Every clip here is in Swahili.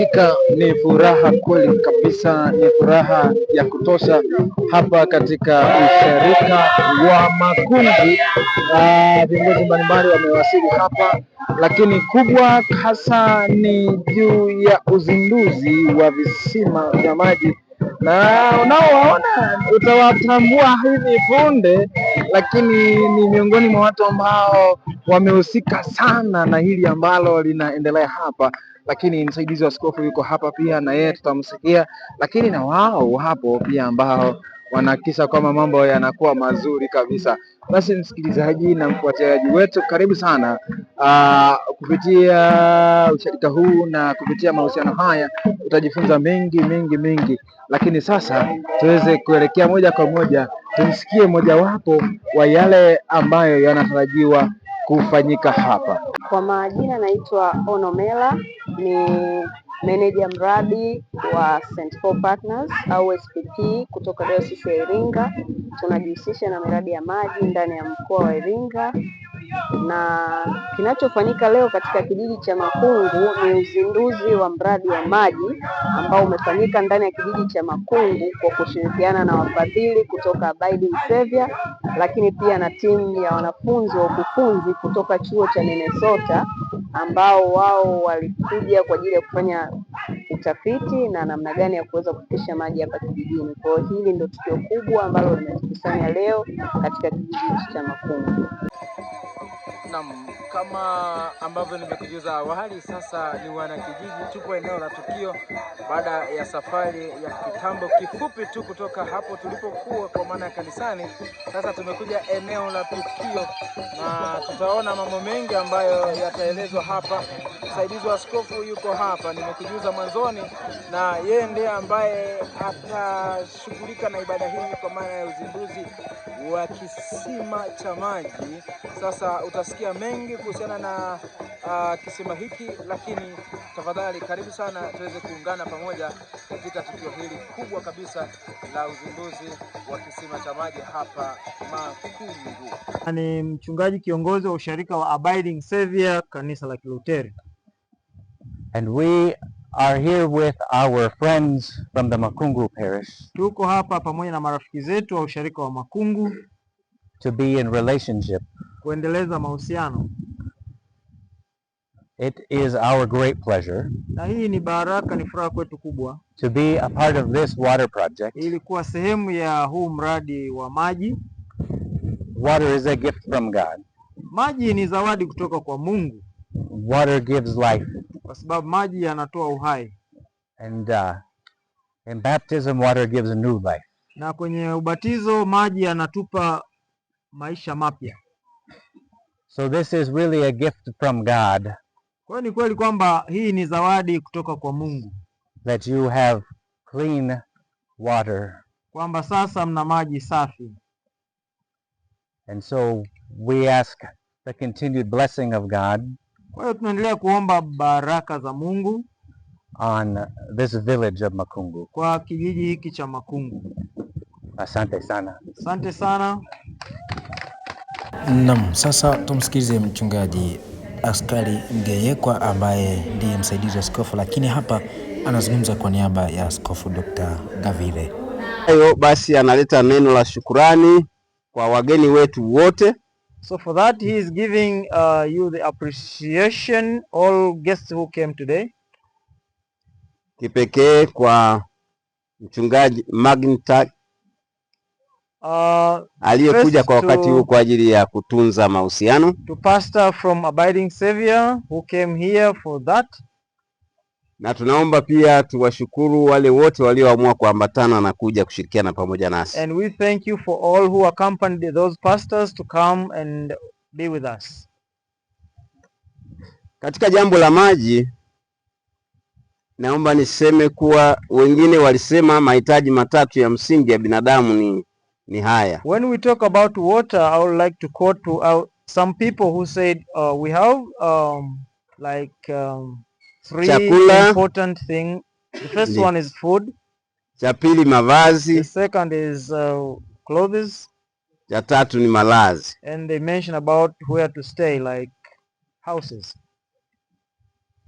Hakika ni furaha kweli kabisa, ni furaha ya kutosha hapa katika ushirika wa makundi. Ah, viongozi mbalimbali wamewasili hapa, lakini kubwa hasa ni juu ya uzinduzi wa visima vya maji na unaowaona utawatambua hivi punde, lakini ni miongoni mwa watu ambao wamehusika sana na hili ambalo linaendelea hapa lakini msaidizi wa askofu yuko hapa pia na yeye tutamsikia, lakini na wao hapo pia ambao wanakisa kwamba mambo yanakuwa mazuri kabisa. Basi msikilizaji na mfuatiliaji wetu, karibu sana aa, ah, kupitia ushirika huu na kupitia mahusiano haya utajifunza mengi mengi mengi, lakini sasa tuweze kuelekea moja kwa moja tumsikie mojawapo wa yale ambayo yanatarajiwa kufanyika hapa. Kwa majina naitwa Onomela ni meneja mradi wa St. Paul Partners au SPP kutoka Dayosisi ya Iringa. Tunajihusisha na miradi ya maji ndani ya mkoa wa Iringa, na kinachofanyika leo katika kijiji cha Makungu ni uzinduzi wa mradi wa maji ambao umefanyika ndani ya kijiji cha Makungu kwa kushirikiana na wafadhili kutoka Abiding Savior, lakini pia na timu ya wanafunzi wa ukufunzi kutoka chuo cha Minnesota ambao wao walikuja kwa ajili ya kufanya utafiti na namna gani ya kuweza kufikisha maji hapa kijijini. Kwa hiyo hili ndio tukio kubwa ambalo limetukusanya leo katika kijiji hichi cha Makungu. Naam, kama ambavyo nimekujuza awali, sasa ni wanakijiji, tupo eneo la tukio baada ya safari ya kitambo kifupi tu kutoka hapo tulipokuwa, kwa maana ya kanisani. Sasa tumekuja eneo la tukio na tutaona mambo mengi ambayo yataelezwa hapa. Msaidizi wa askofu yuko hapa, nimekujuza mwanzoni, na yeye ndiye ambaye atashughulika na ibada hii kwa maana ya uzinduzi wa kisima cha maji. Sasa utasikia utasikia mengi kuhusiana na uh, kisima hiki, lakini tafadhali karibu sana tuweze kuungana pamoja katika tukio hili kubwa kabisa la uzinduzi wa kisima cha maji hapa Makungu. Ni mchungaji kiongozi wa usharika wa Abiding Savior kanisa la Kiluteri. And we are here with our friends from the Makungu parish. Tuko hapa pamoja na marafiki zetu wa usharika wa Makungu to be in relationship kuendeleza mahusiano. It is our great pleasure na hii ni baraka, ni furaha kwetu kubwa to be a part of this water project. Ili kuwa sehemu ya huu mradi wa maji. Water is a gift from God. Maji ni zawadi kutoka kwa Mungu. Water gives life. Kwa sababu maji yanatoa uhai. And uh, in baptism water gives a new life. Na kwenye ubatizo maji yanatupa maisha mapya. So this is really a gift from God. Kwa ni kweli kwamba hii ni zawadi kutoka kwa Mungu. That you have clean water. Kwamba sasa mna maji safi. And so we ask the continued blessing of God. Kwa hiyo tunaendelea kuomba baraka za Mungu on this village of Makungu. Kwa kijiji hiki cha Makungu. Asante sana. Asante sana. Naam, sasa tumsikilize mchungaji Askari ngeyekwa ambaye ndiye msaidizi wa askofu, lakini hapa anazungumza kwa niaba ya Askofu Dr. Gavile. Hayo basi, analeta neno la shukurani kwa wageni wetu wote. So for that he is giving uh, you the appreciation all guests who came today. Kipekee kwa mchungaji Magnitak Uh, aliyekuja kwa wakati huu kwa ajili ya kutunza mahusiano. To pastor from Abiding Savior who came here for that. Na tunaomba pia tuwashukuru wale wote walioamua kuambatana na kuja kushirikiana pamoja nasi. And we thank you for all who accompanied those pastors to come and be with us. Katika jambo la maji naomba niseme kuwa wengine walisema mahitaji matatu ya msingi ya binadamu ni ni haya. When we talk about water, I would like to quote to our, uh, some people who said uh, we have um, like um, three chakula, important thing. The first one is food. Cha pili mavazi. The second is uh, clothes. Cha tatu ni malazi. And they mention about where to stay like houses.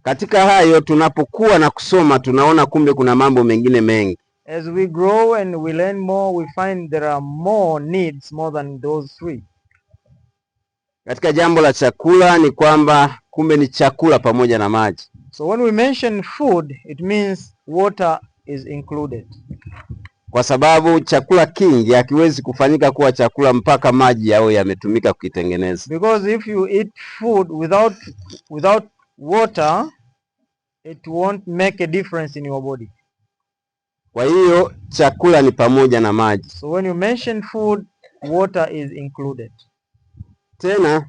Katika hayo tunapokuwa na kusoma tunaona kumbe kuna mambo mengine mengi as we grow and we learn more, we find there are more needs more than those three. Katika jambo la chakula ni kwamba kumbe ni chakula pamoja na maji. So when we mention food, it means water is included. Kwa sababu chakula kingi hakiwezi kufanyika kuwa chakula mpaka maji yawe yametumika kukitengeneza. Because if you eat food without without water, it won't make a difference in your body. Kwa hiyo chakula ni pamoja na maji. So when you mention food, water is included. Tena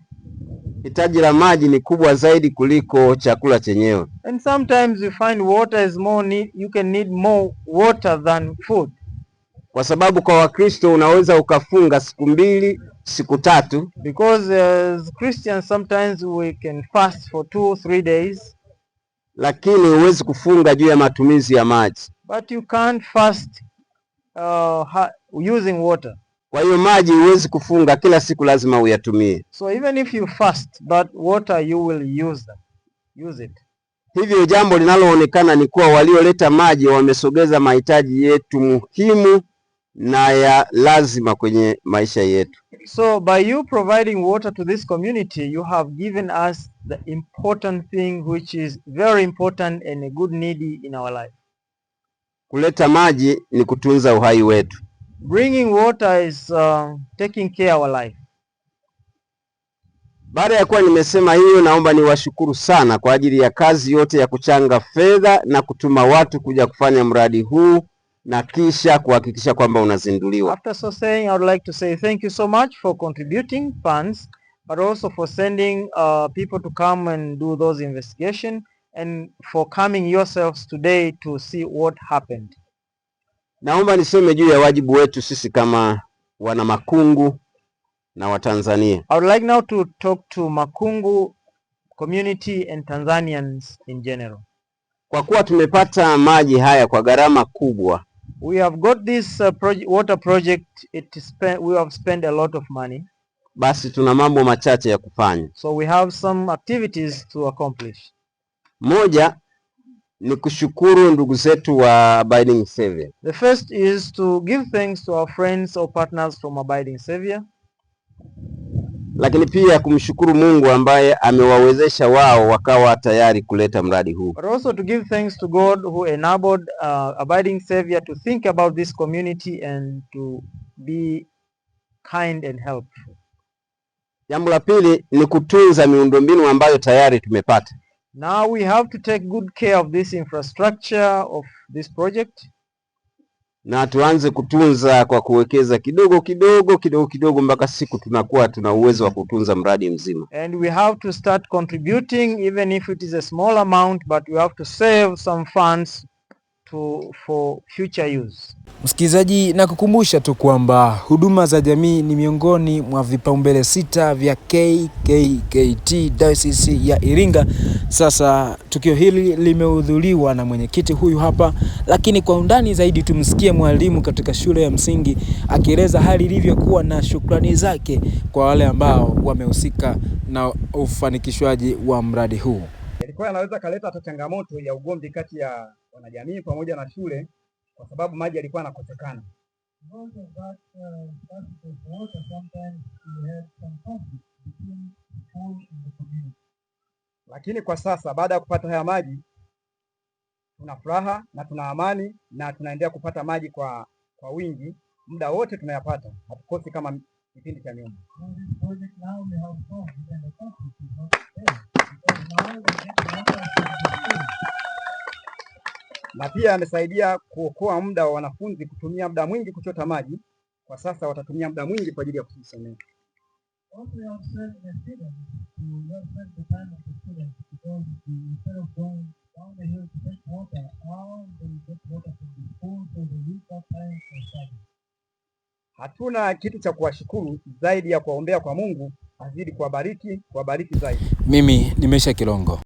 hitaji la maji ni kubwa zaidi kuliko chakula chenyewe. And sometimes you find water is more need, you can need more water than food. Kwa sababu kwa Wakristo unaweza ukafunga siku mbili siku tatu. Because as Christians sometimes we can fast for two, three days. Lakini huwezi kufunga juu ya matumizi ya maji. But you can't fast uh, using water. Kwa hiyo maji huwezi kufunga kila siku, lazima uyatumie. So even if you fast but water you will use them. Use it. Hivyo jambo linaloonekana ni kuwa walioleta maji wamesogeza mahitaji yetu muhimu na ya lazima kwenye maisha yetu. So by you providing water to this community you have given us the important thing which is very important and a good need in our life. Kuleta maji ni kutunza uhai wetu. Bringing water is uh, taking care our life. Baada ya kuwa nimesema hiyo, naomba niwashukuru sana kwa ajili ya kazi yote ya kuchanga fedha na kutuma watu kuja kufanya mradi huu na kisha kuhakikisha kwamba unazinduliwa. After so saying, I would like to say thank you so much for contributing funds but also for sending uh, people to come and do those investigation and for coming yourselves today to see what happened. Naomba niseme juu ya wajibu wetu sisi kama wana Makungu na Watanzania. I would like now to talk to Makungu community and Tanzanians in general. Kwa kuwa tumepata maji haya kwa gharama kubwa. We have got this uh, proje water project it spent, we have spent a lot of money. Basi tuna mambo machache ya kufanya. So we have some activities to accomplish. Moja ni kushukuru ndugu zetu wa Abiding Savior. The first is to give thanks to our friends or partners from Abiding Savior. Lakini pia kumshukuru Mungu ambaye amewawezesha wao wakawa tayari kuleta mradi huu. But also to give thanks to God who enabled uh, Abiding Savior to think about this community and to be kind and help. Jambo la pili ni kutunza miundombinu ambayo tayari tumepata. Now we have to take good care of this infrastructure of this project. Na tuanze kutunza kwa kuwekeza kidogo kidogo kidogo kidogo mpaka siku tunakuwa tuna uwezo wa kutunza mradi mzima. And we have to start contributing even if it is a small amount but we have to save some funds for, for future use. Msikilizaji, na kukumbusha tu kwamba huduma za jamii ni miongoni mwa vipaumbele sita vya KKKT Dayosisi ya Iringa. Sasa tukio hili limehudhuriwa na mwenyekiti huyu hapa, lakini kwa undani zaidi tumsikie mwalimu katika shule ya msingi akieleza hali ilivyokuwa na shukrani zake kwa wale ambao wamehusika na ufanikishwaji wa mradi huu. Ilikuwa anaweza kaleta hata changamoto ya ugomvi kati ya wanajamii pamoja na shule kwa sababu maji yalikuwa yanakosekana. Lakini kwa sasa baada ya kupata haya maji tuna furaha na tuna amani na tunaendelea kupata maji kwa, kwa wingi muda wote tunayapata, hatukosi kama kipindi cha nyuma na pia amesaidia kuokoa muda wa wanafunzi kutumia muda mwingi kuchota maji. Kwa sasa watatumia muda mwingi kwa ajili ya kujisomea. Hatuna kitu cha kuwashukuru zaidi ya kuwaombea kwa Mungu azidi kuwabariki, kuwabariki zaidi. Mimi nimesha Kilongo.